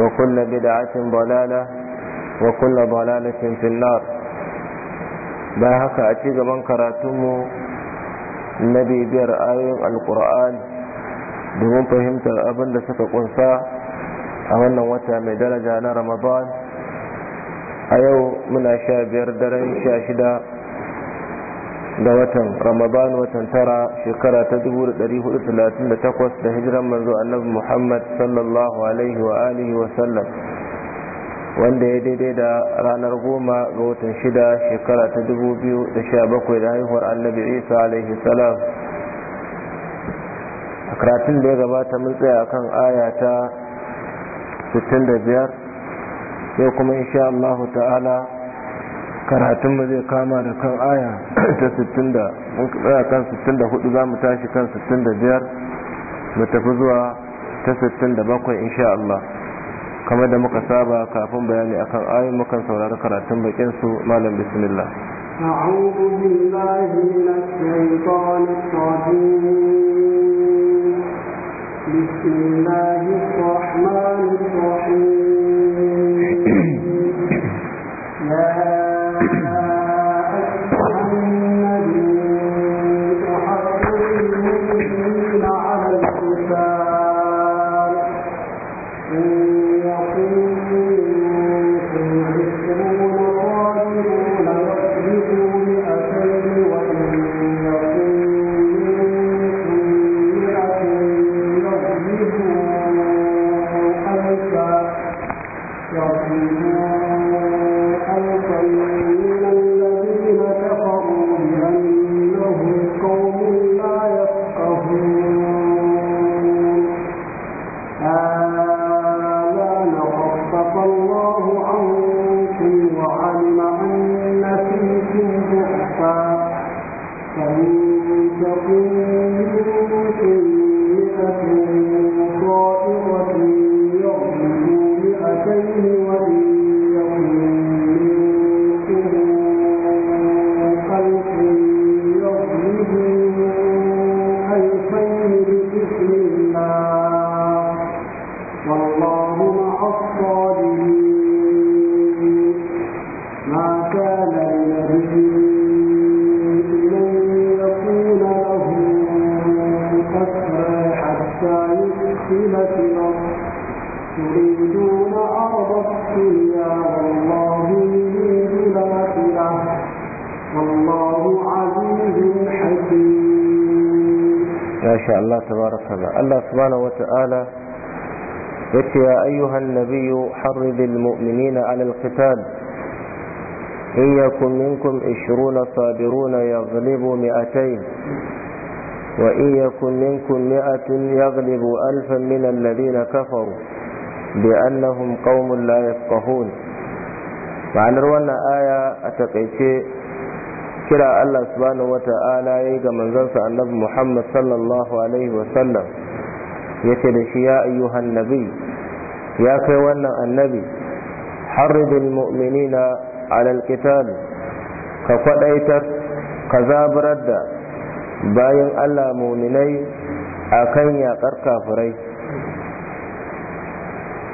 وكل بدعة ضلالة وكل ضلالة في النار باهك أتيك من كراتم na bibiyar ayoyin القرآن domin fahimtar abin da suka ƙunsa a wannan wata mai daraja na ramadan a yau muna sha biyar daren sha shida ga watan ramadan watan tara shekara ta 438 da hijiran manzo annabi muhammad sallallahu alaihi wa alihi wa sallam wanda ya daidai da ranar goma ga watan shida shekara ta 2017 da haihuwar annabi isa alaihi salam a karatun da ya gabata mun tsaya kan aya ta 65 sai kuma insha Allah ta'ala karatunmu zai kama da kan aya ta 60 mun tsaya kan 64 za mu tashi kan 65 mu tafi zuwa ta 67 insha Allah kamar da muka saba kafin bayani akan ayoyin muka saurari karatun bakin su malam bismillah أعوذ بالله من الشيطان الرجيم بسم الله الرحمن الرحيم تعالى قلت يا أيها النبي حرض المؤمنين على القتال إن يكن منكم عشرون صابرون يغلبوا مئتين وإن يكن منكم مئة يغلبوا ألفا من الذين كفروا بأنهم قوم لا يفقهون فعن روانا آية a كلا الله سبحانه وتعالى wata'ala من yi ga نبي محمد صلى الله عليه وسلم yace da shi ya ayyuhan nabi ya kai wannan annabi harridul mu'minina na qital ka kwadaitar ka zaburar da bayan Allah mu'minai kan yaƙar kafirai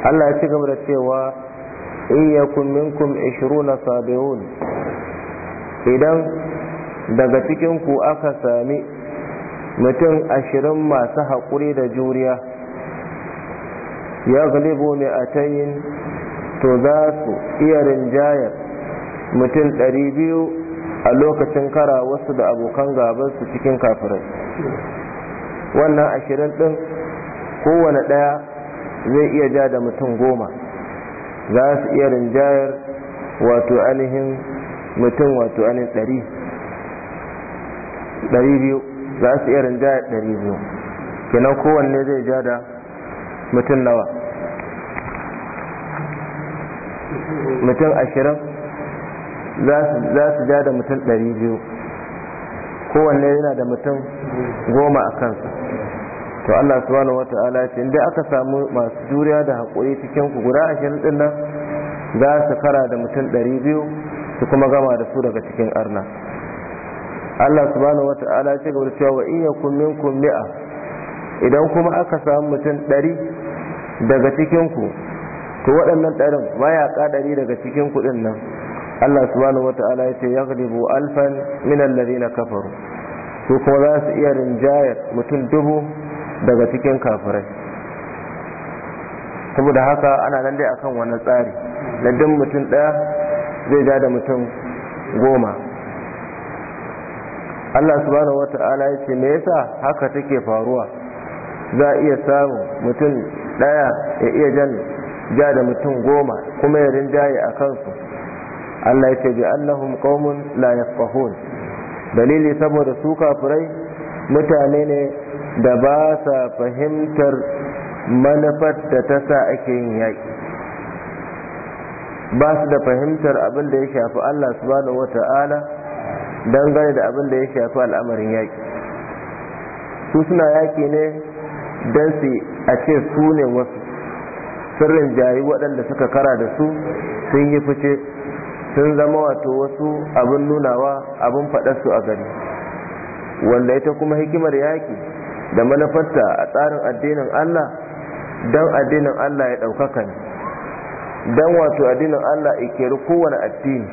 Allah ya ci gaba da cewa iyyakum minkum 20 sabirun idan daga cikin ku aka sami mutum ashirin masu haƙuri da juriya ya galibu a tayin to za su iya rinjayar mutum ɗari biyu a lokacin kara wasu da abokan su cikin kafirai wannan ashirin ɗin kowane ɗaya zai iya ja da mutum goma za su iya rinjayar wato ainihin mutum wato ainihin ɗari biyu za su iya rinjaya ɗari biyu kenan kowanne zai ja da mutum nawa mutum ashirin za su ja da mutum ɗari biyu kowanne yana da mutum goma a kansa to Allah subhanahu wa ta'ala ce inda aka samu masu juriya da haƙuri cikin ku guda ashirin ɗin nan za su kara da mutum ɗari biyu su kuma gama da su daga cikin arna Allah subhanahu wata'ala ya ce gaba cewa wa in yakum minkum mi'a idan kuma aka samu mutum ɗari daga cikin ku to waɗannan ɗarin mayaƙa ɗari daga cikin kuɗin nan Allah subhanahu wata'ala ya ce yaghlibu alfan min alladhina kafaru su kuma za su iya rinjayar mutum dubu daga cikin kafirai saboda haka ana nan dai akan wani tsari na duk mutum ɗaya zai ja da mutum goma Allah subhanahu wata'ala ya ce me yasa haka take faruwa za a iya samun mutum daya ya iya jan ja da mutum goma kuma ya rinjaye a kansu Allah ya ce bi annahum qaumun la yafqahun dalili saboda su kafirai mutane ne da ba sa fahimtar manufar da ta sa ake yin yaƙi ba su da fahimtar abin da ya shafi Allah subhanahu wata'ala dangane da abin da ya shafi al'amarin yaƙi su suna yaƙi ne don su a ce su ne wasu sirrin jayi waɗanda suka kara da su sun yi fice sun zama wato wasu abin nunawa abin faɗarsu a gari wanda ita kuma hikimar yaƙi da manufarta a tsarin addinin Allah don addinin Allah ya ɗaukaka ne don wato addinin Allah ikeri kowane addini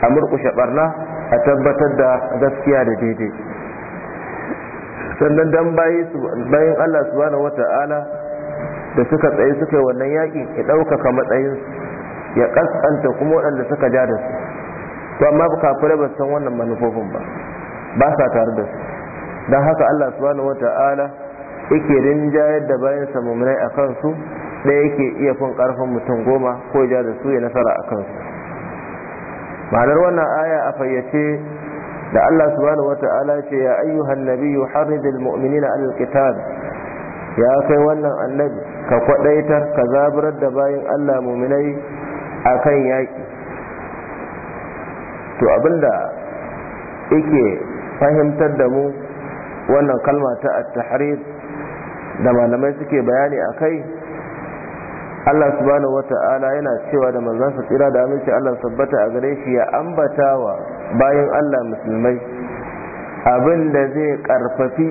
a murƙushe ɓarna a tabbatar da gaskiya da daidai sannan dan bayan Allah subhanahu wata'ala da suka tsaye suka yi wannan yakin ya ɗaukaka matsayin ya ƙasƙanta kuma waɗanda suka ja da su to amma kafirai ba san wannan manufofin ba ba sa tare da su don haka Allah subhanahu wata'ala yake rinjayar da bayan samunai a kansu ɗaya yake iya fin ƙarfin mutum goma ko ja da su ya nasara a kansu ma'anar wannan aya a fayyace da Allah subhanahu wata'ala ce ya ayyuhan nabiyyu harridil mu'minina alal qital ya kai wannan annabi ka kwadaitar ka zaburar da bayin Allah mu'minai akan yaki to abinda yake fahimtar da mu wannan kalma ta at-tahrid da malamai suke bayani akai Allah subhanahu wata'ala yana cewa da manzansa sa tsira da aminci Allah sabbata a gare shi ya ambatawa bayan Allah musulmai abin da zai karfafi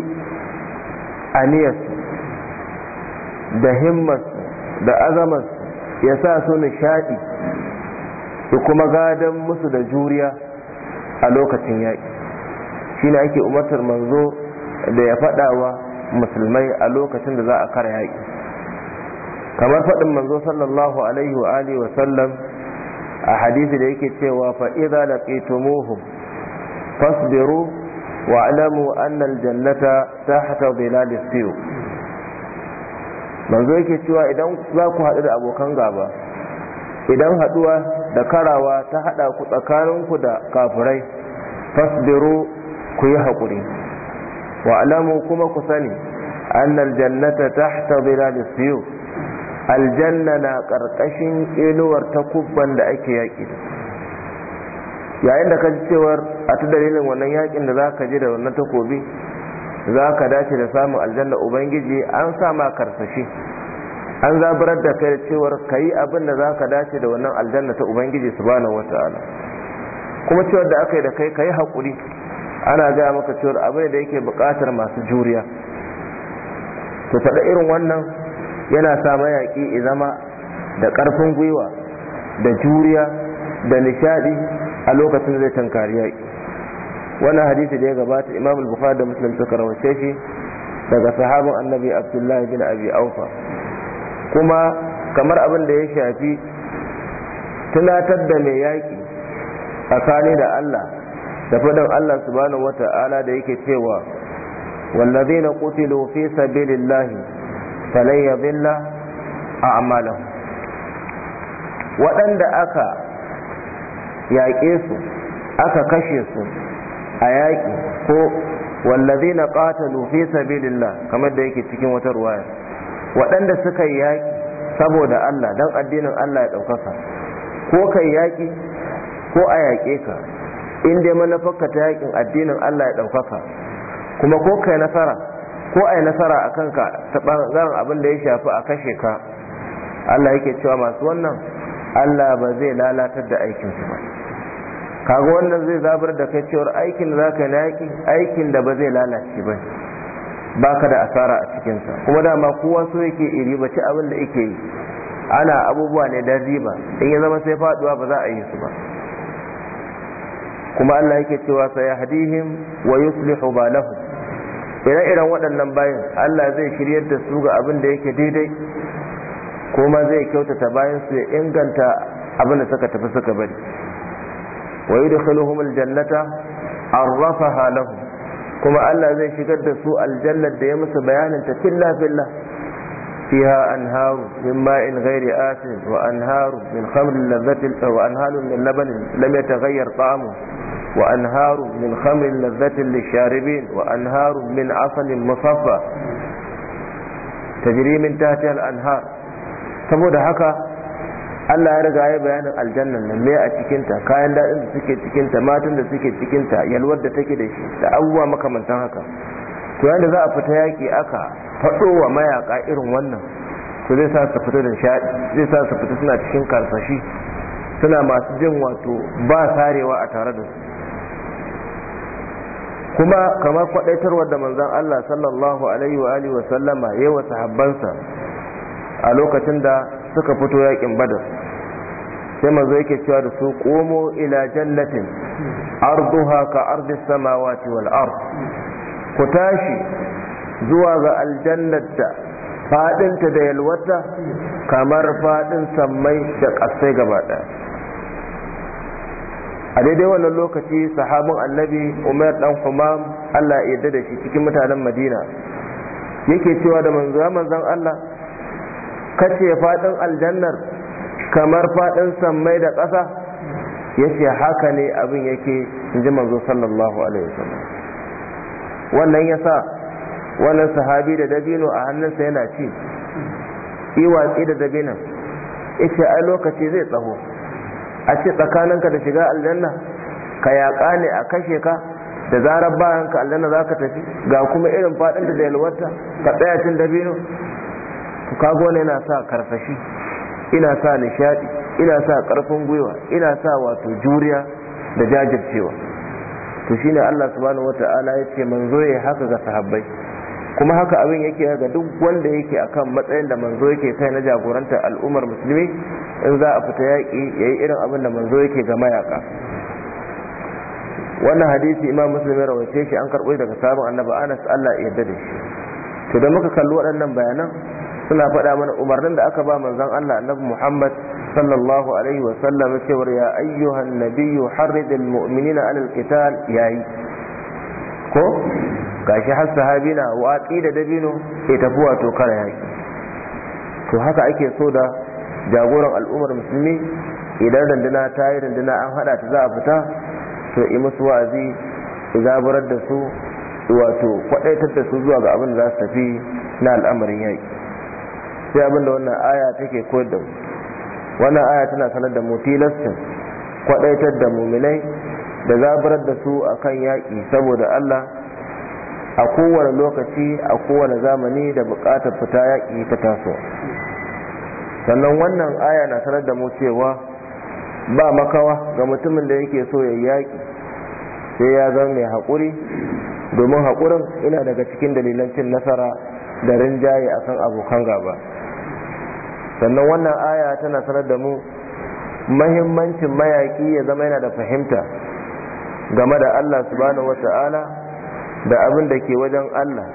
aniyarsu da himmarsu da azamarsu ya sa su nishadi da kuma gadon musu da juriya a lokacin yaƙi shi ake umartar manzo da ya faɗawa musulmai a lokacin da za a kara yaƙi kamar faɗin manzo sallallahu alaihi wa alihi wa sallam a hadisi da yake cewa fa idza laqitumuhum fasbiru wa alamu anna aljannata tahta dhilalis siyu manzo yake cewa idan za ku haɗu da abokan gaba idan haɗuwa da karawa ta haɗa ku tsakaninku da kafirai fasbiru ku yi haƙuri wa alamu kuma ku sani annal jannata tahta dhilalis siyu aljanna na karkashin inuwar kubban da ake yaƙi yayin da ka ji cewar a ta dalilin wannan yaƙin da za ka ji da wannan takobi za ka dace da samun aljanna ubangiji an sa ma karsashi an zaburar da kai cewar ka yi abin da za ka dace da wannan aljanna ta ubangiji subhanahu wata'ala kuma cewar da aka yi da kai ka yi haƙuri ana gaya maka cewar abin da yake buƙatar masu juriya to faɗa irin wannan yana sa mayaƙi ya zama da ƙarfin gwiwa da juriya da nishadi a lokacin zai tankari yaki. wannan hadisi da ya gabata imam bukhari da muslim suka rawace shi daga sahabin annabi abdullahi bin abi aufa kuma kamar abin da ya shafi tunatar da mai yaƙi tsakani da allah da faɗin allah subhanahu wata'ala da yake cewa wallazina qutilu fi sabilillahi ya falan a amalan waɗanda aka yaƙe su aka kashe su a yaƙi ko wallazi na ƙata fi sabilillah kamar da yake cikin wata ruwaya waɗanda suka yi yaƙi saboda Allah don addinin Allah ya ɗaukaka ko kai yaƙi ko a yaƙe ka in dai manufarka ta yaƙin addinin Allah ya ɗaukaka kuma ko kai nasara ko ai nasara a kanka ta ɓangaren abin da ya shafi a kashe ka Allah yake cewa masu wannan Allah ba zai lalatar da aikinsu ba kaga wannan zai zabar da kai cewar aikin da zaka yi aikin da ba zai lalace ba baka da asara a cikinsa kuma dama kowa so yake iri ci abin da yake yi ana abubuwa ne da riba in ya zama sai faduwa ba za a yi su ba kuma Allah yake cewa sai wa yuslihu balahum ire-iren waɗannan bayan Allah zai shiryar da su ga abin da yake daidai kuma zai kyautata bayan su ya inganta abin da suka tafi suka bari wa yudkhiluhum aljannata arrafaha lahum kuma Allah zai shigar da su aljannar da ya musu bayanin ta filla filla فيها أنهار من ماء غير آس وأنهار من خمر لذة وأنهار من لبن لم يتغير طعمه وأنهار من خمر لذة للشاربين وأنهار من عسل مصفى تجري من تحتها الأنهار saboda haka Allah ya riga ya bayanin aljannan nan me a cikinta kayan daɗin da suke cikinta matan da suke cikinta yalwar da take da shi da abubuwa makamantan haka to yanda za a fita yaki aka faɗo wa mayaƙa irin wannan to zai sa su fita da shaɗi zai sa su fita suna cikin karsashi suna masu jin wato ba sarewa a tare da su kuma kamar kwaɗaitarwar da manzon Allah sallallahu alaihi wa alihi wa sallama yayin wa sahabbansa a lokacin da suka fito yakin badar sai manzo yake cewa da su komo ila jannatin arduha ka ardi samawati wal ard ku tashi zuwa ga aljannata fadinta da yalwata kamar fadin sammai da ƙasai gaba a daidai wannan lokaci sahabin annabi umar dan humam allah yarda da shi cikin mutanen madina yake cewa da manzo manzan allah kace fadin aljannar kamar fadin sammai da ƙasa yace haka ne abin yake in ji manzo sallallahu alaihi wasallam wannan ya sa wannan sahabi da dabino a hannunsa yana ci yi watsi da dabinan ita ai lokaci zai tsaho a ce tsakaninka da shiga aljanna ka yaƙa ne a kashe ka da zarar bayanka aljanna za ka tafi ga kuma irin faɗin da yalwarta ka tsaya cin dabino ka gona yana sa karfashi ina sa nishaɗi ina sa ƙarfin gwiwa ina sa wato juriya da jajircewa to shine Allah subhanahu wata'ala ya ce manzo ya haka ga sahabbai kuma haka abin yake ga duk wanda yake kan matsayin da manzo yake kai na jagorantar al'ummar musulmi in za a fita yaƙi yayi irin abin da manzo yake ga mayaka wannan hadisi imam muslim ya rawaice shi an karɓo daga sabon annabi Anas Allah ya yarda da shi to da muka kalli waɗannan bayanan suna faɗa mana umarnin da aka ba manzon Allah annabi Muhammad sallallahu alaihi wa sallam cewar ya ayyuhan nabiyyu harridil almu'minina alal alqital yayi ko gashi har sahabi na watsi da dabino ke tafuwa to kara yaki to haka ake so da jagoran al'ummar musulmi idan dandana ta yi dandana an hada ta za a fita to yi musu wa'azi zaburar da su wato kwadaitar da su zuwa ga abin da za su tafi na al'amarin yaki sai abinda wannan aya take koyar da mu wannan aya tana sanar da mu tilastin kwadaitar da muminai da zabarar da su akan yaƙi saboda Allah a kowane lokaci a kowane zamani da buƙatar fita yaƙi ta taso sannan wannan aya na sanar da mu cewa ba makawa ga mutumin da yake so ya yaƙi sai ya zama mai haƙuri domin haƙurin ina daga cikin dalilan cin nasara da rinjaye a akan abokan gaba sannan wannan aya tana sanar da mu mahimmancin mayaƙi ya zama yana da fahimta game da Allah subhanahu wata'ala da abin da ke wajen Allah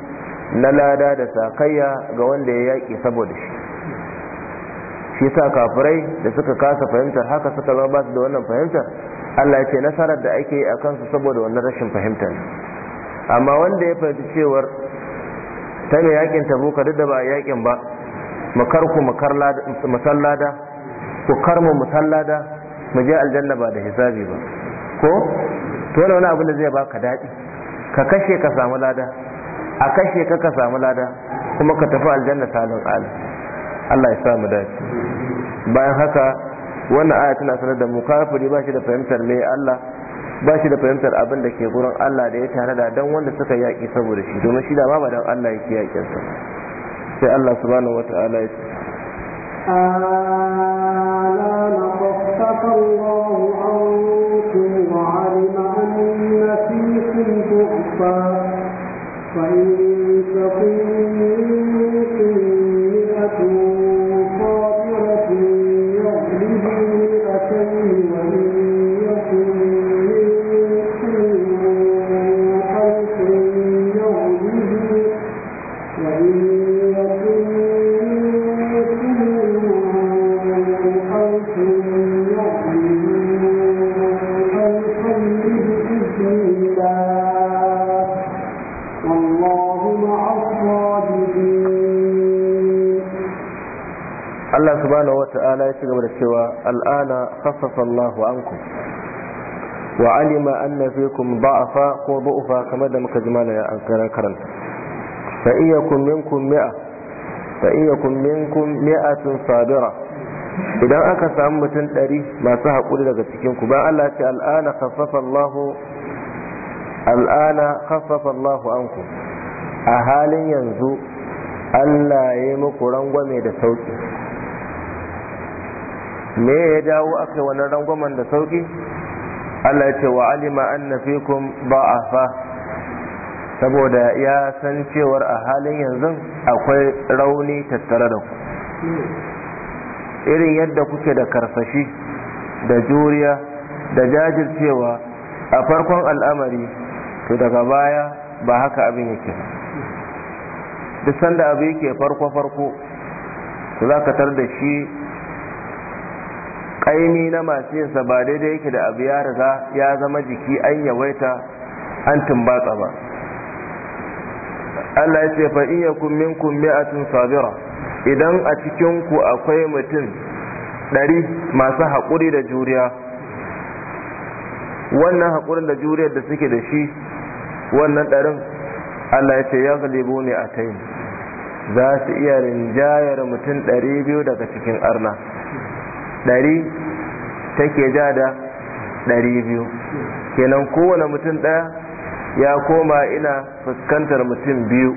na lada da sakayya ga wanda ya yaƙi saboda shi shi sa kafirai da suka kasa fahimtar haka suka zama basu da wannan fahimtar Allah ya ce nasarar da ake yi a kansu saboda wannan rashin fahimtar amma wanda ya fahimci cewar ta ne yaƙin tabuka duk da ba a yakin ba makarku masallada ku karmu musallada mu je aljanna ba da hisabi ba ko to wani abin da zai baka daɗi ka kashe ka samu lada a kashe ka ka samu lada kuma ka tafi aljanna salon ala Allah ya samu dace bayan haka wannan aya tana sanar da mu kafiri ba shi da fahimtar me Allah ba shi da fahimtar abin da ke gurin Allah da ya tare da dan wanda suka yaƙi saboda shi domin shi da ba ba dan Allah yake sa sai Allah subhanahu wata'ala ya ce آلان خفف الله عنكم وعلم أن فيكم ضعفا فإن تكونوا Allah subhanahu ta'ala ya ci gaba da cewa al'ana khassasa Allahu ankum wa alima anna fikum da'afa ko da'ufa kamar da muka jima na karanta fa iyakum minkum mi'a fa iyakum minkum mi'atun sabira idan aka samu mutum ɗari masu haƙuri daga cikin ku bayan Allah ce al'ana khassasa Allahu al'ana khassasa Allahu ankum a halin yanzu Allah ya yi muku rangwame da sauki me ya dawo aka yi wani rangwamen da sauki Allah ya ce wa alima ba a fa? saboda ya san cewar a halin yanzu akwai rauni tattare da ku irin yadda kuke da karsashi da juriya da jajircewa a farkon al'amari to daga baya ba haka abin yake duk sanda abu yake farko-farko za ka tar da shi ƙaimi na masu sa ba daidai yake da abu ya riga ya zama jiki an yawaita an tumbatsa ba Allah ya ce fa in yakun minkum mi'atun sabira idan a cikin ku akwai mutum ɗari masu haƙuri da juriya wannan haƙurin da juriyar da suke da shi wannan ɗarin Allah ya ce ya galibu ne a tayin za su iya rinjayar mutum ɗari biyu daga cikin arna ɗari take ja da dari biyu kenan kowane mutum ɗaya ya koma ina fuskantar mutum biyu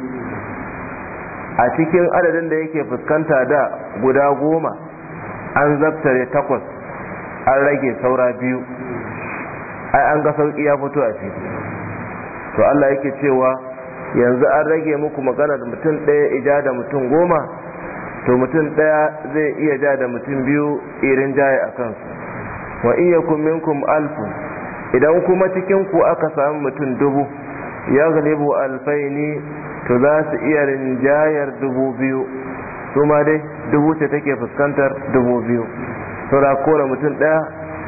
a cikin adadin da yake fuskanta da guda goma an zaftare takwas an rage saura biyu ai an ga sauƙi ya fito a fili to Allah yake cewa yanzu an rage muku maganar mutum ɗaya ija da mutum goma to mutum ɗaya zai iya ja da mutum biyu irin jaye a kansu wa iya minkum alfu idan kuma cikinku aka samu mutum dubu ya galibu alfaini to za su iya rinjayar dubu biyu su ma dai dubu ce take fuskantar dubu biyu to da kora mutum ɗaya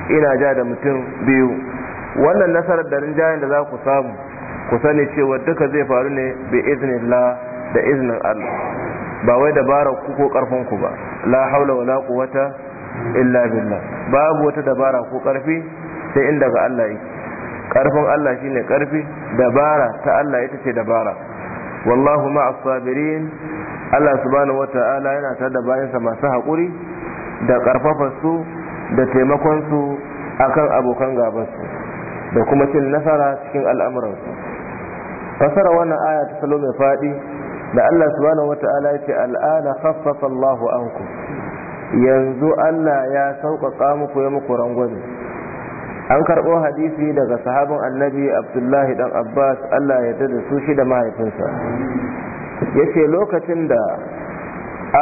ina ja da mutum biyu wannan nasarar da rinjayar da za ku samu ku sani cewa duka zai faru ne bi iznillah da iznin Allah ba wai dabara ku ko karfin ku ba la haula wala quwwata illa billah babu wata dabara ko karfi sai in daga Allah yake karfin Allah shine karfi dabara ta Allah ita ce dabara wallahu ma'as sabirin Allah subhanahu wata'ala yana tare da bayansa masu hakuri da su da taimakonsu akan abokan gabansu da kuma cin nasara cikin al'amuransu fasara wannan aya ta salo mai faɗi da Allah subhanahu wata'ala ya ce al'ana khaffafa Allahu anku yanzu Allah ya sauƙaƙa muku ya muku rangwame an karɓo hadisi daga sahabin annabi abdullahi dan abbas Allah ya da su shi da mahaifinsa ya ce lokacin da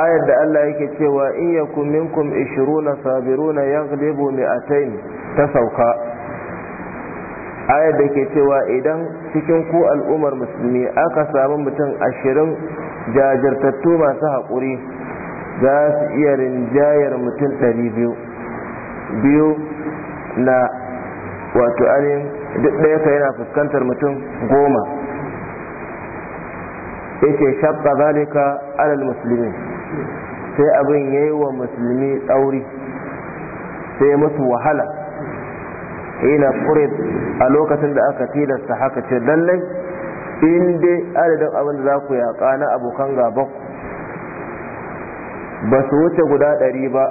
ayar da Allah yake cewa in yakum minkum ishiruna sabiruna yaghlibu mi'atain ta sauka ayar da ke cewa idan cikin ku al'ummar musulmi aka samu mutum ashirin jajirtattu masu haƙuri za su iya rinjayar mutum ɗari biyu biyu na wato alin duk ɗaya ka yana fuskantar mutum goma yake shabba zalika alal musulmi sai abin yayi wa musulmi tsauri sai musu wahala Ina furid a lokacin da aka tilasta haka ce lallai in dai adadin abin da za ku yaƙa na abokan gaban ba su wuce guda ɗari ba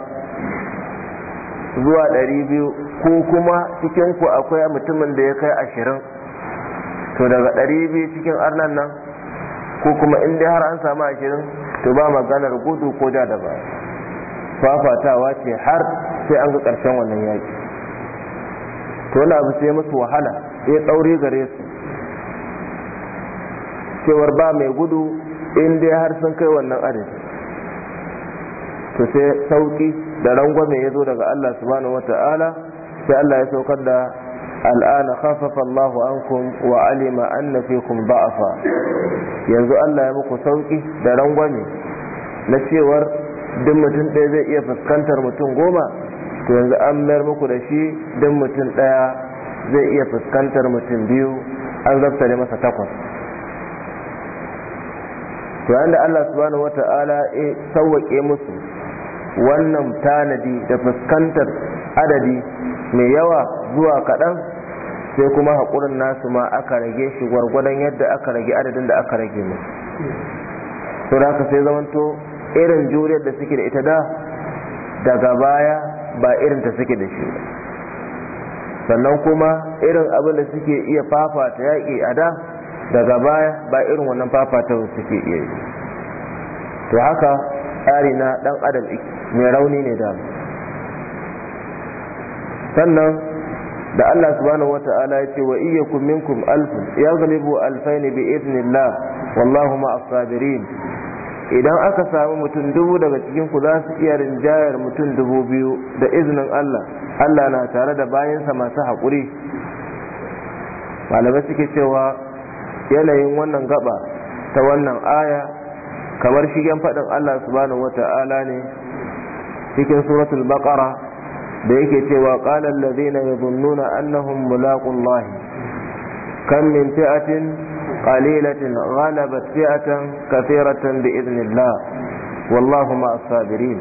zuwa ɗari biyu ko kuma cikin ku akwai mutumin da ya kai ashirin to daga ɗari biyu cikin arnan nan ko kuma in dai har an samu ashirin to ba maganar gudu ko da da ba fafatawa ce har sai an ga ƙarshen wannan yaki. to wani abu sai musu wahala ya eh, tsauri gare su cewar ba mai gudu in dai har sun kai wannan arziki to sai sauki da rangwame ya zo daga Allah subhanahu ta'ala sai Allah ya saukar da al'ana khafafa Allahu ankum wa alima anna fikum da'afa yanzu Allah ya muku sauki da rangwame na cewar duk mutum ɗaya zai iya fuskantar mutum goma to yanzu an mayar muku da shi don mutum ɗaya zai iya fuskantar mutum biyu an zaftare masa takwas to yanda Allah subhanahu wata'ala ya sauwaƙe musu wannan tanadi da fuskantar adadi mai yawa zuwa kaɗan sai kuma haƙurin nasu ma aka rage shi gwargwadon yadda aka rage adadin da aka rage musu to da sai zamanto irin juriyar da suke da ita da daga baya ba irin ta suke da shi sannan kuma irin abin da suke iya fafata yaƙi a da daga baya ba irin wannan fafata suke iya yi to haka tsari na ɗan adam mai rauni ne da sannan da Allah subhanahu wa ta'ala ya ce wa iyyakum minkum alfun yaghlibu alfayn bi idnillah wallahu ma sabirin idan aka samu mutum dubu daga cikin ku za su iya rinjayar mutum dubu biyu da izinin Allah Allah na tare da bayansa masu haƙuri malamai suke cewa yanayin wannan gaba ta wannan aya kamar shigen faɗin Allah subhanahu wata'ala ne cikin suratul baqara da yake cewa qala allazina yadhunnuna annahum mulaqullahi kam min fi'atin قليلة غلبت فئة كثيرة بإذن الله والله مع الصابرين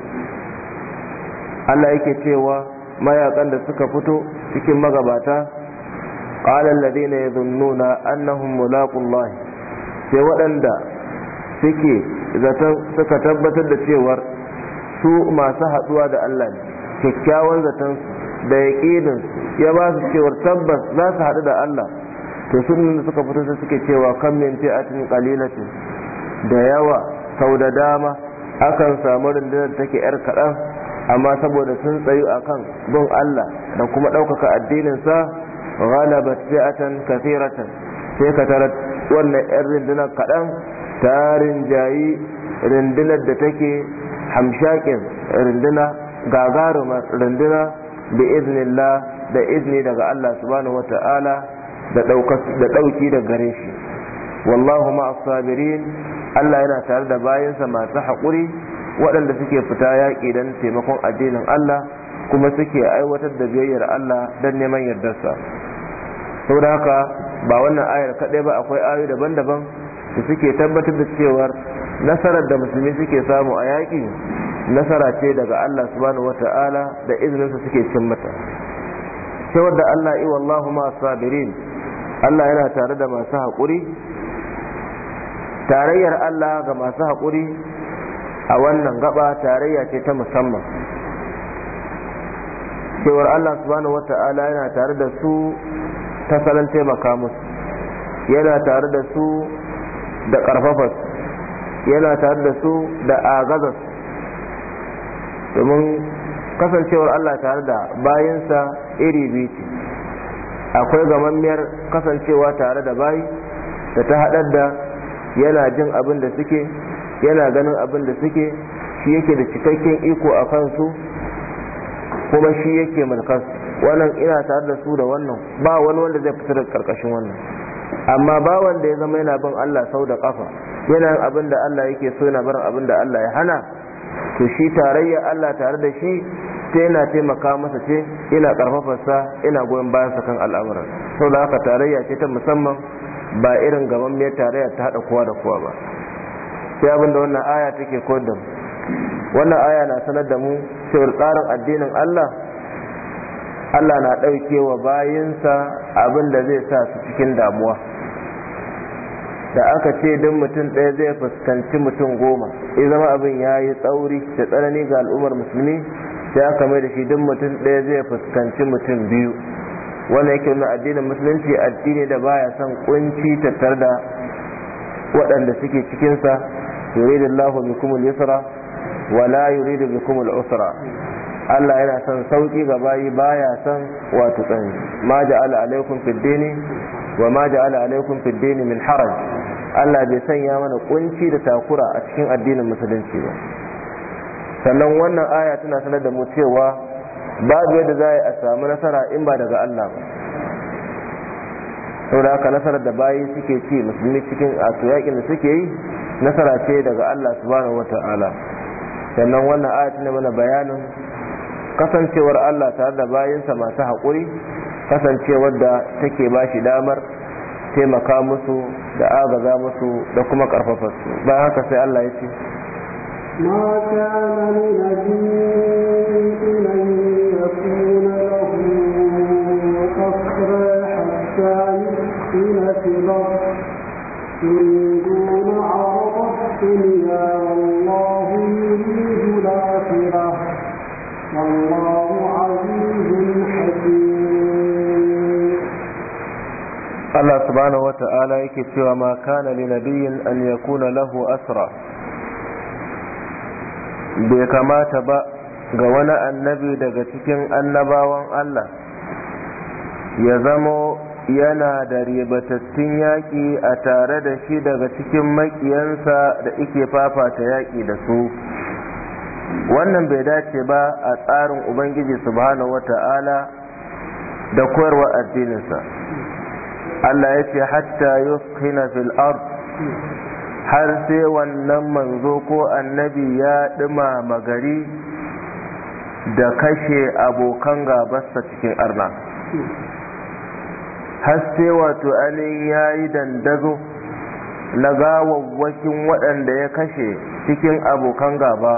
Allah yake cewa mayaƙan da suka fito cikin magabata qala alladhina nuna annahum mulaqullah sai waɗanda suke zaton suka tabbatar da cewar su masu haɗuwa da Allah kyakkyawan zaton da yaqinin ya ba su cewar tabbas za su haɗu da Allah to shirin da suka fito sai suke cewa kan min fi'atin qalilatin da yawa sau da dama akan samu rundunar da take yar kaɗan amma saboda sun tsayu akan bin Allah da kuma ɗaukaka sa ghalabat fi'atan kathiratan sai ka tara wannan yar rundunar kaɗan ta rinjayi rundunar da take hamshakin runduna gagarumar runduna bi iznillah da izni daga Allah subhanahu wata'ala da ɗauki da gare shi wallahu sabirin Allah yana tare da bayansa masu haƙuri waɗanda suke fita yaƙi don taimakon addinin Allah kuma suke aiwatar da biyayyar Allah don neman yardarsa sau da haka ba wannan ayar kaɗai ba akwai ayoyi daban-daban da suke tabbatar da cewar nasarar da musulmi suke samu a yaƙi nasara ce daga Allah subhanahu wata'ala da izininsa suke cin mata da Allah iwallahu ma sabirin Allah yana tare da masu haƙuri tarayyar Allah ga masu haƙuri a wannan gaba tarayya ce ta musamman cewar Allah subhanahu wata'ala yana tare da su ta salon taimaka musu yana tare da su da ƙarfafa yana tare da su da agaza domin kasancewar Allah tare da bayansa iri biyu akwai gamammiyar kasancewa tare da bayi da ta haɗar da yana jin abin da suke yana ganin abin da suke shi yake da cikakken iko a kansu kuma shi yake mulkansu wannan ina tare da su da wannan ba wani wanda zai fita da karkashin wannan amma ba wanda ya zama yana bin Allah sau da kafa yana yin abin da Allah yake so yana barin abin da Allah ya hana to shi tarayya Allah tare da shi ta yana taimaka masa ce ina karfafarsa ina goyon bayansa kan al'amuran sau da haka tarayya ce ta musamman ba irin gaban mai tarayya ta haɗa kowa da kowa ba sai abin da wannan aya take ke da wannan aya na sanar da mu cewar tsarin addinin Allah Allah na ɗauke wa bayinsa abin da zai sa su cikin damuwa da aka ce don mutum ɗaya zai fuskanci mutum goma ya zama abin ya yi tsauri da tsanani ga al'ummar musulmi sai aka mai da shi duk mutum ɗaya zai fuskanci mutum biyu wanda yake nuna addinin musulunci addini da baya son kunci tattar da waɗanda suke cikinsa yuridu Allahu bikum al-yusra wa la yuridu bikum al-usra Allah yana son sauki ga bayi baya son wato tsani ma ja'ala alaikum fid dini wa ma ja'ala alaikum fid dini min haraj Allah bai sanya mana kunci da takura a cikin addinin musulunci ba sannan wannan aya tana sanar da mu cewa babu yadda za a samu nasara in ba daga Allah ba da haka nasarar da bayi suke ci musulmi cikin a yakin da suke yi nasara ce daga Allah subhanahu wata'ala sannan wannan aya tana mana bayanin kasancewar Allah tare da bayinsa masu haƙuri kasancewar da take ba shi damar taimaka musu da agaza musu da kuma ƙarfafa su bayan haka sai Allah ya ce ما كان لنبي أن يكون له أسرى حتى يسكن في يريدون عرض الدنيا والله يريد الآخرة والله حكيم الله سبحانه وتعالى يكتب ما كان لنبي أن يكون له أسرى bai kamata ba ga wani annabi daga cikin annabawan Allah ya zamo yana da ribatattun yaƙi a tare da shi daga cikin maƙiyansa da ike fafata yaƙi da su wannan bai dace ba a tsarin ubangiji subhanahu wata'ala da koyarwa addininsa Allah ya ce hatta yuskina fil ard har sai wannan manzo ko annabi ya ɗumama magari da kashe abokan gabarsa cikin arna har sai wato anin ya yi dandazo na gawawwakin waɗanda ya kashe cikin abokan gaba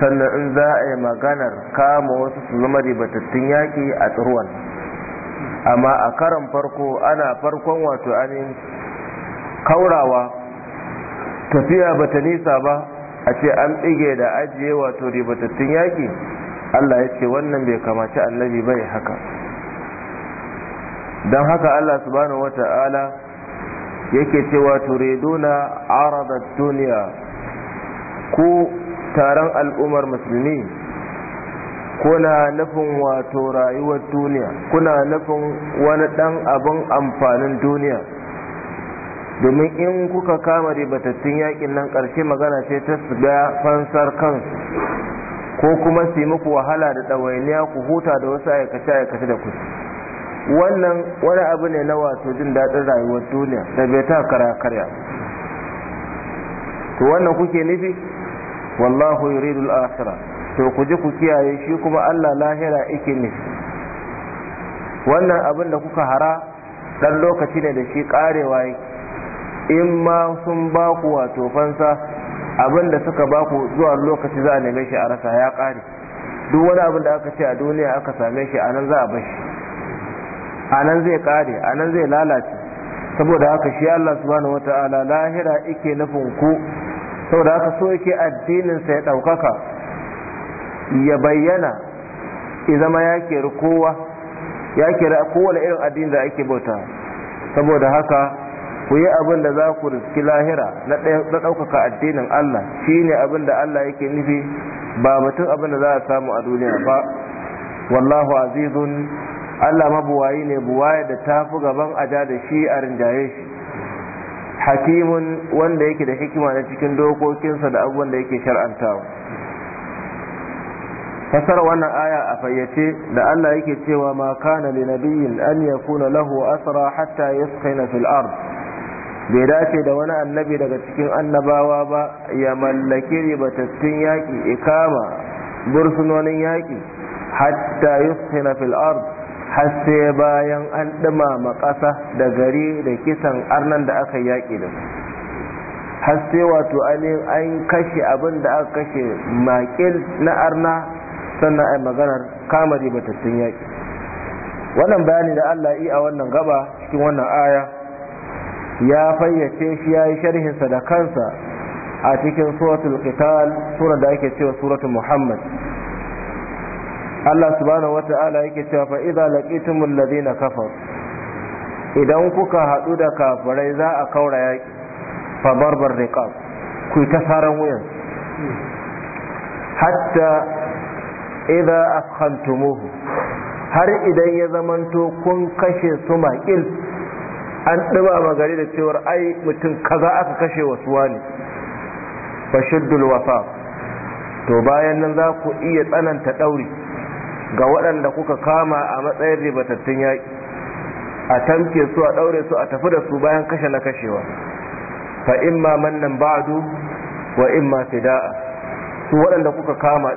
sannan in za a yi maganar kama wasu su zama ribatattun yaƙi a tsirwan amma a karan farko ana farkon wato anin kaurawa tafiya ba ta nisa ba a ce an tsige da ajiye wato ribatattun yaƙi allah ya ce wannan bai kamaci annabi ya haka don haka allah subhanahu wa ta'ala yake cewa na aradat duniya ko taron al'ummar musulmi kuna nufin wato rayuwar duniya kuna nufin wani ɗan abin amfanin duniya domin in kuka kama ribatattun yakin nan ƙarshe magana ce ta su ga fansar kansu ko kuma su yi muku wahala da ɗawainiya ku huta da wasu aikace-aikace da kusa wannan wani abu ne na wato jin daɗin rayuwar duniya da bai ta kara karya to wannan kuke nufi wallahu yuridul akhirah to ku ji ku kiyaye shi kuma Allah lahira yake ne wannan abin da kuka hara ɗan lokaci ne da shi karewa yake in ma sun ba ku wato fansa abin da suka ba zuwa lokaci za a neme shi a rasa ya ƙare duk wani abin da aka ce a duniya aka same shi a nan za a bashi a nan zai ƙare Anan zai lalace saboda haka shi Allah subhanahu wata'ala lahira yake nufin ku saboda haka so yake addinin sa ya ɗaukaka ya bayyana ya zama ya kera kowa ya kowane irin addini da ake bauta saboda haka ku yi abin da za ku riski lahira na ɗaukaka addinin Allah shi ne abin da Allah yake nufi ba mutum abin da za a samu a duniya ba wallahu azizun Allah mabuwayi ne buwaye da ta fi gaban aja da shi a rinjaye shi hakimun wanda yake da hikima na cikin dokokinsa da abubuwan da yake shar'antawa fasar wannan aya a fayyace da Allah yake cewa ma kana li nabiyyin an yakuna lahu asra hatta yaskhina fil ard bai dace da wani annabi daga cikin annabawa ba ya mallaki ribatattun yaƙi ikama bursunonin yaƙi hatta yuskhina fil ard har bayan an ɗumama ƙasa da gari da kisan arnan da aka yaƙi da har sai wato an kashe abin da aka kashe makil na arna sannan a maganar kama ribatattun yaƙi wannan bayani da Allah yi a wannan gaba cikin wannan aya ya fayyace shi ya yi sharhinsa da kansa a cikin suratul qital sura da ake cewa suratul muhammad Allah subhanahu wata'ala yake cewa fa idza laqitum alladhina kafar idan kuka hadu da kafirai za a kaura yaki fa barbar riqab ku ta saran wuyan hatta idza afkhantumuhu har idan ya zamanto kun kashe su maƙil an ɗumama gari da cewar ai mutum kaza aka kashe wasu wani fashiddul wafa to bayan nan za ku iya tsananta ɗauri ga waɗanda kuka kama a matsayin ribatattun yaƙi a tamke su a ɗaure su a tafi da su bayan kashe na kashewa fa ma mannan ba'adu wa imma fida'a su waɗanda kuka kama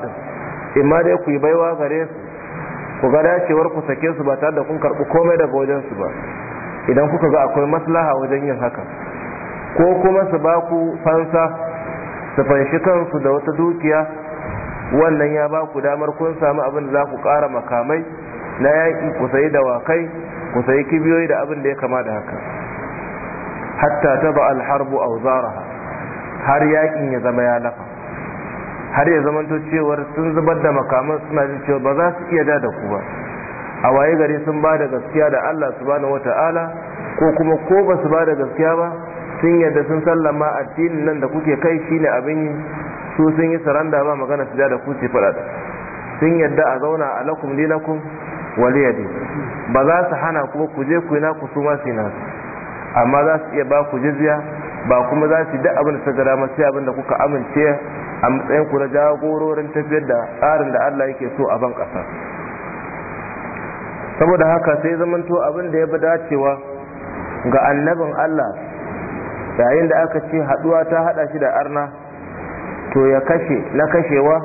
ɗin ma dai ku yi baiwa gare su ku ga dacewar ku sake su ba tare da kun karɓi komai daga wajen su ba idan kuka ga akwai maslaha wajen yin haka ko kuma su ba ku fansa su fanshi kansu da wata dukiya wannan ya ba ku damar kun samu abin da za ku ƙara makamai na yaƙi ku sayi dawakai ku sayi kibiyoyi da abin da ya kama da haka hatta ta ba alharbu a zaraha har yaƙin ya zama ya lafa har ya zamanto cewar sun zubar da makaman suna jin cewa ba za su iya da da ku ba a waye gari sun ba da gaskiya da Allah subhanahu wata'ala ko kuma ko ba su ba da gaskiya ba sun yadda sun sallama addinin nan da kuke kai shine abin su sun yi saranda ba magana su da ku ce faɗa sun yadda a zauna a lakum dinakum waliyadi ba za su hana kuma ku je ku yi naku su ma yi nasu amma za su iya ba ku jizya ba kuma za su yi duk abin da suka dama sai abin da kuka amince a matsayin ku na jagororin tafiyar da tsarin da Allah yake so a ban kasa saboda haka sai zamanto abin da ya bi dacewa ga annabin Allah yayin da aka ce haduwa ta hada shi da arna to ya kashe na kashewa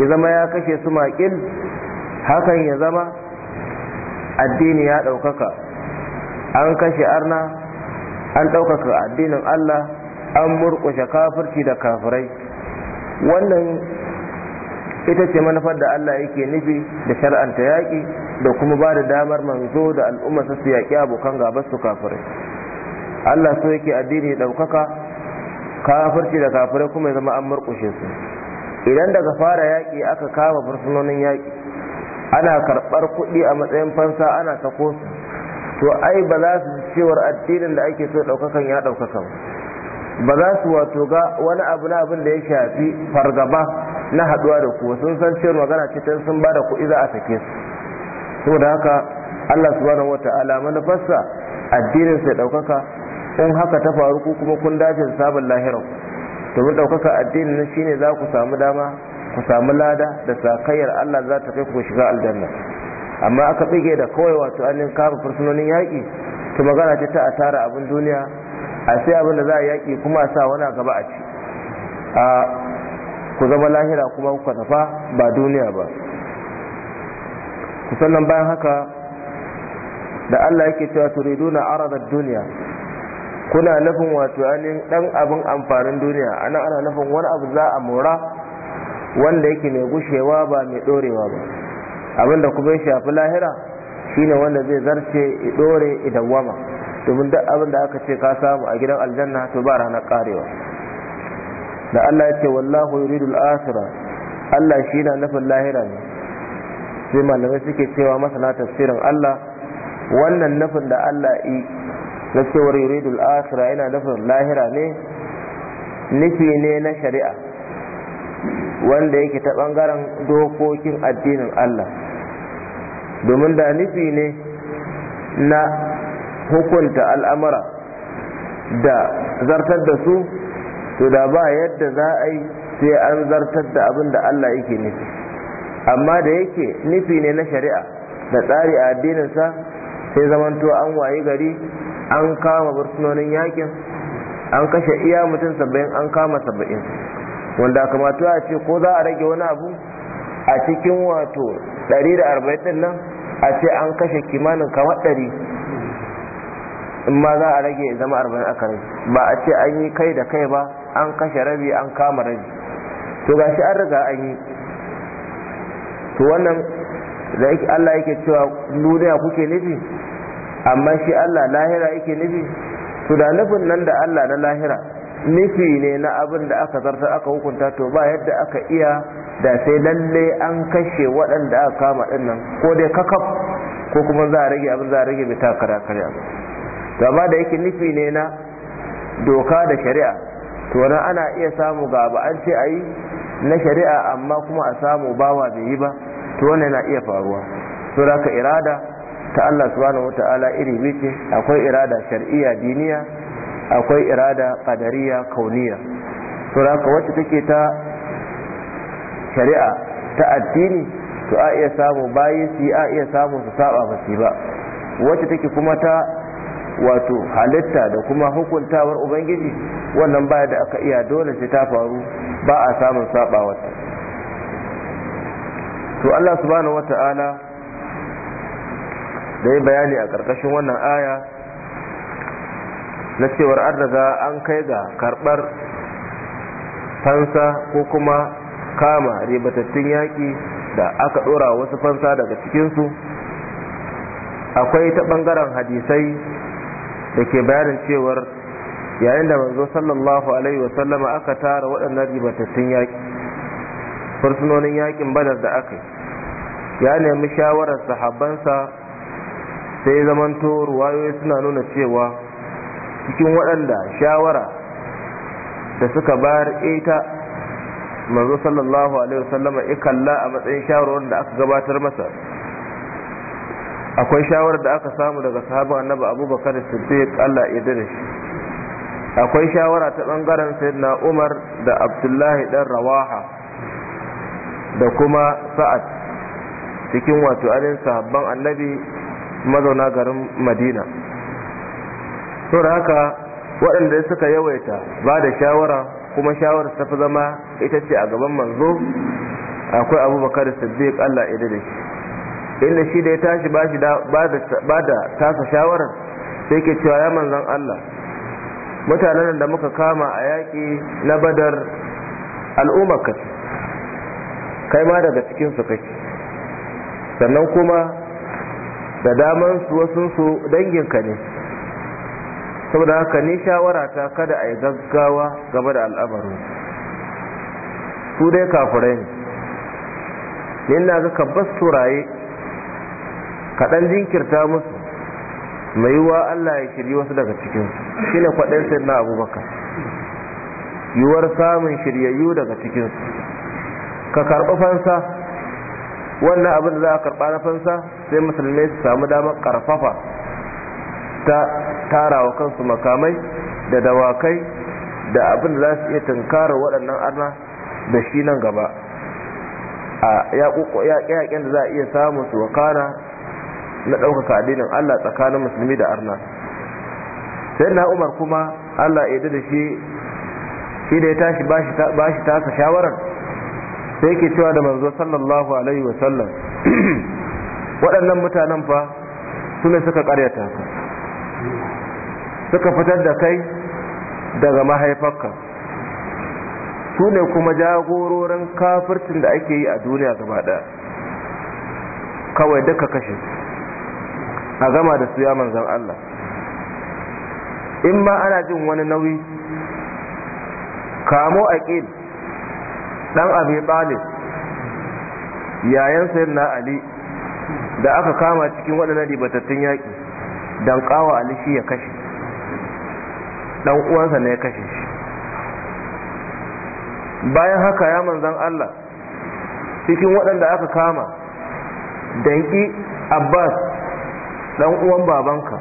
ya zama ya kashe su maƙil hakan ya zama addini ya ɗaukaka an kashe arna an ɗaukaka addinin Allah an murƙushe kafirci da kafirai wannan ita ce manufar da Allah yake nufi da shar'anta yaƙi da kuma ba da damar manzo da al'umma su yaƙi abokan gaba su kafirai Allah so yake addini ɗaukaka kafirci da kafirai kuma ya zama an murƙushe su idan daga fara yaƙi aka kama fursunonin yaƙi ana karɓar kuɗi a matsayin fansa ana sako su to ai ba za su cewar addinin da ake so ɗaukakan ya ɗaukaka ba ba za su wato ga wani abu na abin da ya shafi fargaba na haduwa da ku sun san cewar magana ce sun bada da kuɗi za a sake su saboda haka Allah subhanahu wata'ala manufarsa addinin sai daukaka in haka ta faru ku kuma kun dace sabon lahirar domin daukaka addinin shine za ku samu dama ku samu lada da sakayyar Allah za ta kai ku shiga aljanna amma aka bige da kawai wato annin kafa fursunonin yaƙi to magana ce ta a tara abin duniya a sai abin da za a yaki kuma a sa wani gaba a ci a ku zama lahira kuma ku tafa ba duniya ba ku sannan bayan haka da Allah yake cewa turiduna arada duniya kuna nufin wato anin dan abin amfanin duniya anan ana nufin wani abu za a mora wanda yake mai gushewa ba mai dorewa ba abinda kuma ya shafi lahira shine wanda zai zarce ya dore ya domin duk abin da aka ce ka samu a gidan aljanna to ba ranar karewa da Allah ya ce wallahu yuridu al Allah shi na nufin lahira ne sai malamai suke cewa masana tafsirin Allah wannan nufin da Allah yi na cewar yuridu al-akhira yana nufin lahira ne nufi ne na shari'a wanda yake ta bangaren dokokin addinin Allah domin da nufi ne na hukunta al'amura da zartar da su to da ba yadda za a yi sai an zartar da abin da Allah yake nufi amma da yake nufi ne na shari'a da tsari a addininsa sai zamanto an wayi gari an kama bursunonin yakin an kashe iya mutum saba'in an kama saba'in wanda kamata a ce ko za a rage wani abu a cikin wato 140 nan a ce an kashe kimanin kamar ɗari. in ma za a rage zama arba'in aka ba a ce an yi kai da kai ba an kashe rabi an kama rabi to gashi an riga an yi to wannan da yake Allah yake cewa duniya kuke nufi amma shi Allah lahira yake nufi to da nufin nan da Allah na lahira nufi ne na abin da aka zartar aka hukunta to ba yadda aka iya da sai lalle an kashe waɗanda aka kama ɗin ko dai kakaf ko kuma za a rage abin za a rage bai ta kare kare to amma da yake nufi ne na doka da shari'a to wani ana iya samu ga abu an ce a yi na shari'a amma kuma a samu bawa bai yi ba to wannan na iya faruwa to da ka irada ta Allah subhanahu wata'ala iri biyu akwai irada shar'iyya diniya akwai irada qadariya kauniya to da ka wacce take ta shari'a ta addini to a iya samu bayi su a iya samu su saba ba su ba wacce take kuma ta wato halitta da kuma hukuntawar ubangiji wannan baya da aka iya dole sai ta faru ba a samun sabawarta to Allah subhanahu wata'ala da ya bayani a ƙarƙashin wannan aya na cewar an riga an kai ga karɓar fansa ko kuma kama ribatattun yaƙi da aka ɗora wasu fansa daga cikinsu akwai ta ɓangaren hadisai da ke bayanin cewar yayin da manzo sallallahu alaihi wa sallama aka tara waɗannan ribatattun yaƙi fursunonin yaƙin badar da aka yi ya nemi shawarar sahabbansa sai zamanto ruwayoyi suna nuna cewa cikin waɗanda shawara da suka bayar ita manzo sallallahu alaihi wa sallama ikalla a matsayin shawarar da aka gabatar masa akwai shawarar da aka samu daga sahaba annabi abubakar siddiq Allah ya dare shi akwai shawara ta bangaren sayyidina umar da abdullahi dan rawaha da kuma sa'ad cikin wato alin sahabban annabi mazauna garin madina to da haka waɗanda suka yawaita ba da shawara kuma shawarar ta fi zama ita ce a gaban manzo akwai abubakar siddiq Allah ya dare shi inda shi da ya tashi ba da tasa shawarar sai ke cewa ya manzan Allah mutanen da muka kama a yaƙi na badar al'ummar ka kai ma daga cikin su kake sannan kuma da daman su wasu su danginka ne saboda haka ni shawara ta kada a yi gaggawa game da al'amaru. su dai kafurai ne ni na ga kabbas turaye kaɗan jinkirta musu mai yiwuwa Allah ya shirye wasu daga cikin shi ne kwaɗin sai na abubakar yiwuwar samun shiryayyu daga cikin ka karɓi fansa wannan abin da za a karɓa na fansa sai musulmai su samu damar karfafa ta tarawa kansu makamai da dawakai da abin da za su iya tunkarar waɗannan arna da shi nan gaba a yaƙin da za a iya samun su wakana na ɗaukaka addinin Allah tsakanin musulmi da arna sai na umar kuma Allah ya da shi shi da ya tashi ba shi tasa shawarar sai yake cewa da manzo sallallahu alaihi wa sallam waɗannan mutanen fa sune suka ƙaryata ka suka fitar da kai daga mahaifarka su ne kuma jagororin kafircin da ake yi a duniya gaba ɗaya kawai duka kashe su a gama da su ya manzan Allah in ma ana jin wani nauyi kamo aqil ɗan abi talib yayan na ali da aka kama cikin waɗannan ribatattun yaƙi dan ƙawa ali ya kashe ɗan uwansa ne ya kashe shi bayan haka ya manzan Allah cikin waɗanda aka kama danki abbas dan uwan babanka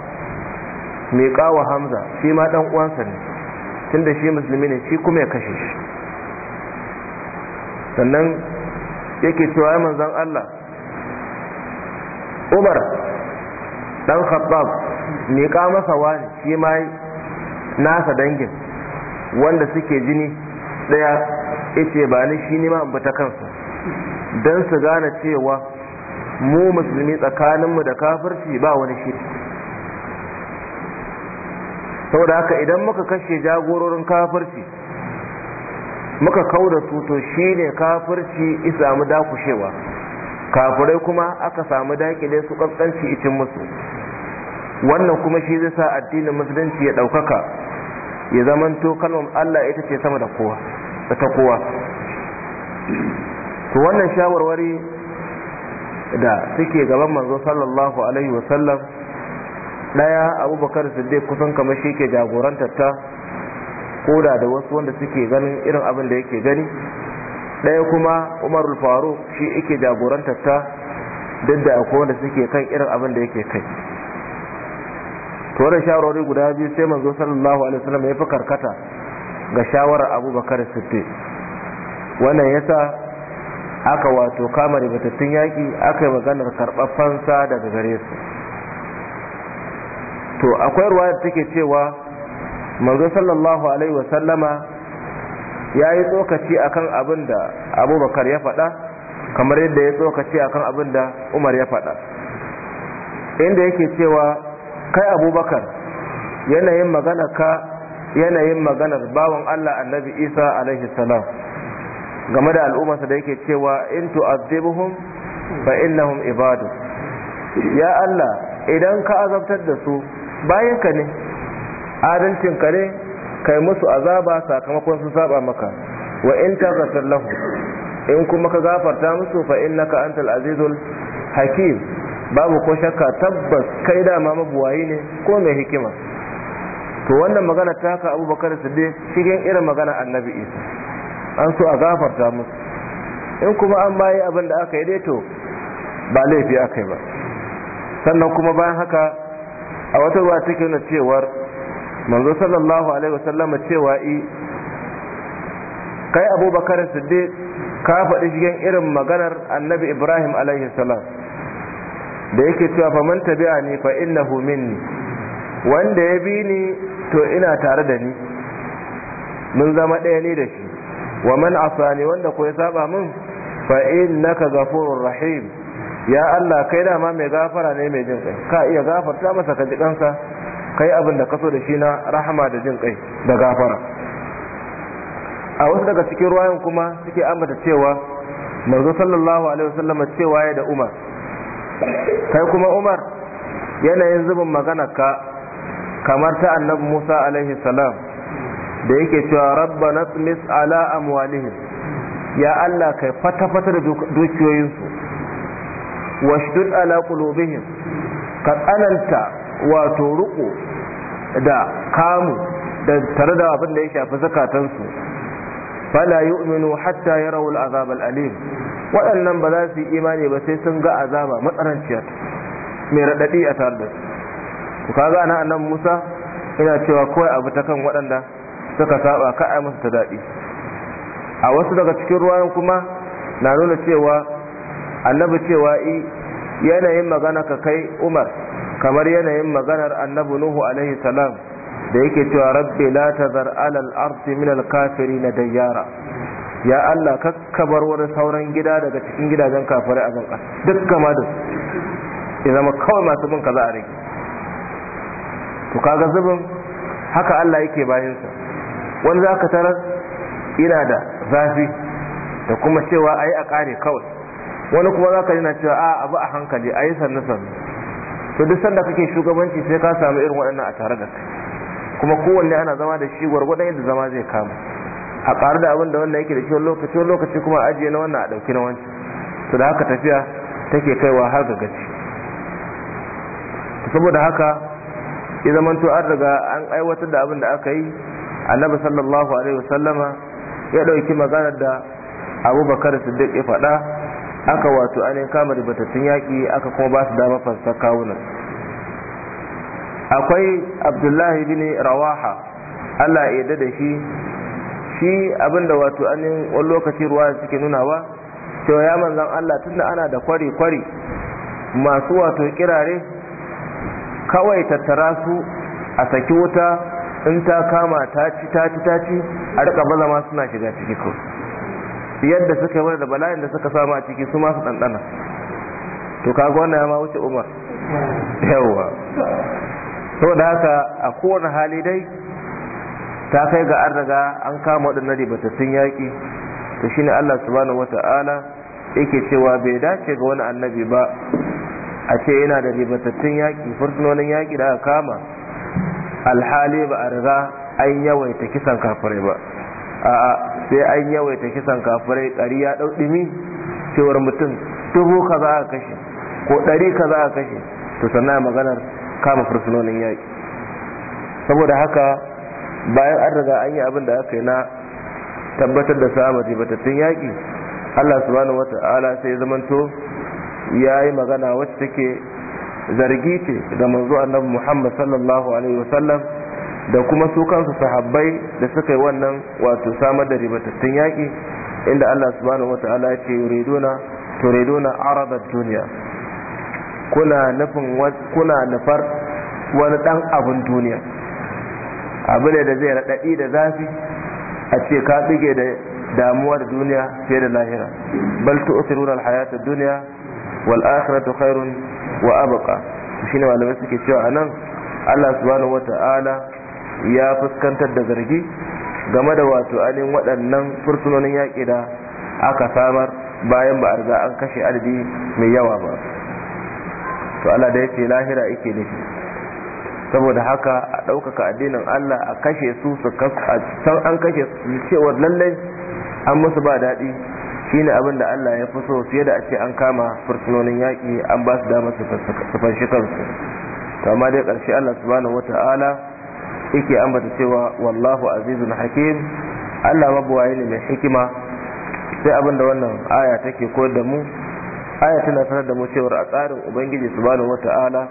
mai kawo hamza shi ma dan uwansa ne tunda shi musulmi ne shi kuma ya kashe shi sannan yake cewa ya manzan Allah Umar dan Khattab mai kawo masa wani shi ma nasa dangin wanda suke jini daya yace ba ni shi ne ma ta kansa dan su gane cewa mu musulmi tsakaninmu da kafirci ba wani shiri saboda haka idan muka kashe jagororin kafirci muka kau da su to shi ne kafirci mu dakushewa kafirai kuma aka samu dakile su kaskanci icin musu wannan kuma shi zai sa addinin musulunci ya ɗaukaka ya zamanto kalmar allah ita ce sama da ta kowa to wannan shawarwari da suke gaban manzo sallallahu alaihi wasallam daya abubakar siddiq kusan kamar shi ke jagorantar ta koda da wasu wanda suke ganin irin abin da yake gani daya kuma umar faruk shi yake jagorantar ta duk da akwai wanda suke kan irin abin da yake kai to da shawarwari guda biyu sai manzo sallallahu alaihi wasallam ya fi karkata ga shawarar abubakar siddiq wannan yasa aka wato kama ribatattun yaƙi aka yi maganar karɓar fansa daga gare su to akwai ruwa da take cewa manzo sallallahu alaihi wasallama ya yi tsokaci a kan abin da abubakar ya faɗa kamar yadda ya tsokaci a kan abin da umar ya faɗa inda yake cewa kai abubakar yanayin maganar ka yanayin maganar bawan allah annabi isa alaihi salam game da al'ummarsa da yake cewa in tu'azzibuhum fa innahum ibadu ya Allah idan ka azabtar da su bayan ka ne adalcin ka ne kai musu azaba sakamakon sun saba maka wa in taghfir lahu in kuma ka gafarta musu fa innaka antal azizul hakim babu ko shakka tabbas kai dama mabuwayi ne ko mai hikima to wannan magana ta ka abubakar siddiq cikin irin magana annabi isa an so a gafarta musu in kuma an bayi abin da aka yi dai to ba laifi aka yi ba sannan kuma bayan haka a wata ruwa take na cewar manzo sallallahu alaihi wasallama cewa i kai abubakar siddiq ka faɗi shigen irin maganar annabi ibrahim alaihi salam da yake cewa fa man tabi'a ni fa innahu minni wanda ya bi ni to ina tare da ni mun zama ɗaya ne da shi wa man asani wanda ko ya saba min fa innaka ghafurur rahim ya Allah kai dama mai gafara ne mai jin kai ka iya gafarta masa ka ji kai abin da kaso da shi na rahama da jin kai da gafara a wasu daga cikin ruwayan kuma suke ambata cewa manzo sallallahu alaihi wasallam cewa ya da Umar kai kuma Umar yanayin zubin maganar ka kamar ta annabi Musa alaihi salam da yake cewa na tmis ala amwalihim ya Allah kai fata-fata da dukiyoyinsu washdud ala qulubihim ka tsananta wato ruko da kamu da tare da abin da ya shafi zakatansu fala yu'minu hatta yarawu al'azab al'alim waɗannan ba za su yi imani ba sai sun ga azaba matsananciya mai raɗaɗi a tare da su kaga nan Musa ina cewa kawai abu ta kan waɗanda suka saba ka a musu ta daɗi a wasu daga cikin ruwayan kuma na nuna cewa annabi cewa i yanayin magana ka kai umar kamar yanayin maganar annabi nuhu alaihi salam da yake cewa rabbi la tazar alal ardi min al na dayyara ya Allah kakkabar wani sauran gida daga cikin gidajen kafare a ban duk kama da ya zama kawai masu bin kaza a rage to kaga zubin haka Allah yake bayansa wani za ka tarar ina da zafi da kuma cewa a yi a ƙare kawai wani kuma za ka yi na cewa a abu a hankali a yi sannu sannu to duk sanda kake shugabanci sai ka samu irin waɗannan a tare da kai kuma kowanne ana zama da shi gwargwadon yadda zama zai kama a ƙaru da abin da wannan yake da shi wani lokaci wani lokaci kuma a ajiye na wannan a ɗauki na wancan to da haka tafiya take kaiwa har ga gaci saboda haka ya zamanto an riga an aiwatar da abin da aka yi annabi sallallahu alaihi wasallama ya ɗauki maganar da abubakar siddiq ya faɗa aka wato ainihin kama ribatattun yaƙi aka kuma ba su dama fansar kawunan akwai abdullahi bin rawaha allah ya yarda da shi shi abinda wato ainihin wani lokaci ruwa suke nunawa cewa ya manzan allah tunda ana da kwari-kwari masu wato kirare kawai tattara su a saki wuta in ta kama ta ci ta ci ta ci a rika baza ma suna shiga ciki ko yadda suka yi da bala'in da suka samu a ciki su masu ɗanɗana to kaga wannan ya ma wuce umar yawa da haka a kowane hali dai ta kai ga an riga an kama waɗannan ribatattun yaƙi to shine Allah subhanahu wata'ala yake cewa bai dace ga wani annabi ba a ce yana da ribatattun yaƙi furtunonin yaƙi da aka kama alhali ba a riga an yawaita kisan kafirai ba a'a sai an yawaita kisan kafirai ɗari ya ɗau ɗimi cewar mutum dubu ka za a kashe ko ɗari ka za a kashe to sannan maganar kama fursunonin yaƙi saboda haka bayan an riga an yi abin da aka yi na tabbatar da samun ribatattun yaƙi allah subhanahu wata'ala sai zamanto ya yi magana wacce take zargi ce ga manzo annabi Muhammad sallallahu alaihi wasallam da kuma su kansu sahabbai da suka yi wannan wato samar da ribatattun yaƙi inda Allah subhanahu wata'ala ya ce yuriduna turiduna arada duniya kuna nufin kuna nufar wani dan abun duniya abu ne da zai raɗaɗi da zafi a ce ka bige da damuwar duniya fiye da lahira bal tu'thiruna al-hayata ad-dunya wal akhiratu khairun wa shi ne malamai suke cewa anan Allah subhanahu ta'ala ya fuskantar da zargi game da wato alin waɗannan fursunonin yaƙi da aka samar bayan ba a riga an kashe adadi mai yawa ba to Allah da yake lahira yake nufi saboda haka a ɗaukaka addinin Allah a kashe su su an kashe su cewa lallai an musu ba daɗi shine abin da Allah ya fi so fiye da a ce an kama fursunonin yaƙi an ba su damar su fanshi kansu to amma dai ƙarshe Allah subhanahu wata'ala yake ambata cewa wallahu azizun hakim Allah mabuwaye ne mai hikima sai abin da wannan aya take koyar da mu aya tana sanar da mu cewa a tsarin ubangiji subhanahu wata'ala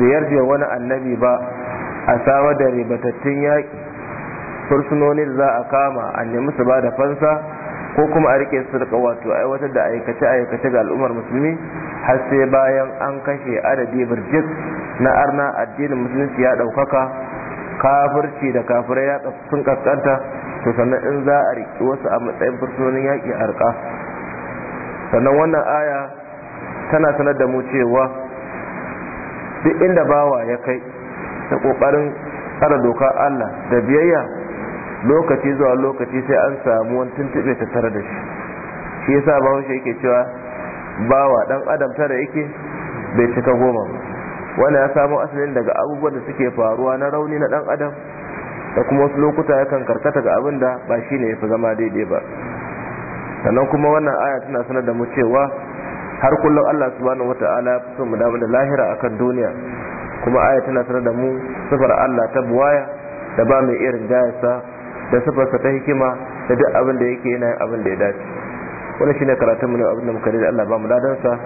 da wani annabi ba a samar da ribatattun yaƙi Fursunonin za a kama a nemi su ba da fansa ko kuma a rike su wato aiwatar da aikace aikace ga al'ummar musulmi har sai bayan an kashe adadi birjit na arna addinin musulunci ya ɗaukaka kafirci da kafirai ya sun kaskanta to sannan in za a riki wasu a matsayin fursunonin yaƙi a sannan wannan aya tana sanar da mu cewa duk inda bawa ya kai ta ƙoƙarin tsara doka Allah da biyayya lokaci zuwa lokaci sai an samu wani tuntube ta tare da shi shi yasa ba wani yake cewa ba wa dan adam tara yake bai cika goma ba wani ya samo asalin daga abubuwan da suke faruwa na rauni na dan adam da kuma wasu lokuta yakan karkata ga abin da ba shi ne ya fi zama daidai ba sannan kuma wannan aya tana sanar da mu cewa har kullum Allah subhanahu wata'ala ya fito mu damu da lahira akan duniya kuma aya tana sanar da mu sifar Allah ta buwaya da ba mai irin gayasa da sifarsa ta hikima da duk abin da yake yana abin da ya dace wani shine karatun mu ne abin da muka da Allah ba mu ladansa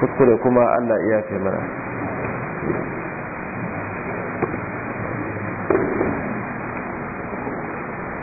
kuskure kuma Allah iya ce mana